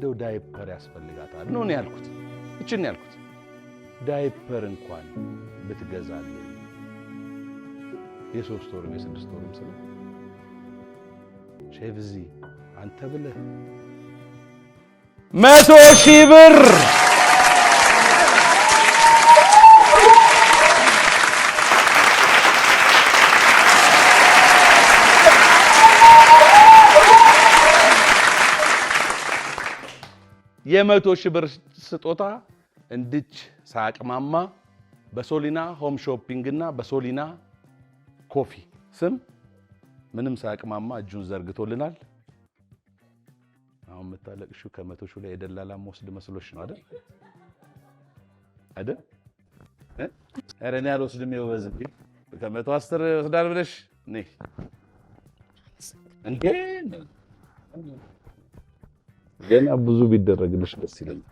እንደው ዳይፐር ያስፈልጋታል ነው ያልኩት። እችን ያልኩት ዳይፐር እንኳን ብትገዛልኝ የሶስት ወርም የስድስት ወርም ስለ ሼቭዚ አንተ ብለህ መቶ ሺህ ብር የመቶ ሺህ ብር ስጦታ እንድች ሳቅማማ በሶሊና ሆም ሾፒንግ እና በሶሊና ኮፊ ስም ምንም ሳቅማማ እጁን ዘርግቶልናል። አሁን የምታለቅሹ ከመቶ ሺህ ላይ የደላላ መውስድ መስሎሽ ነው አይደል? አይደል? ኧረ እኔ አልወስድም። የወበዝ ከመቶ አስር ወስዳል ብለሽ እንዴ ገና ብዙ ቢደረግልሽ ደስ ይለኛል።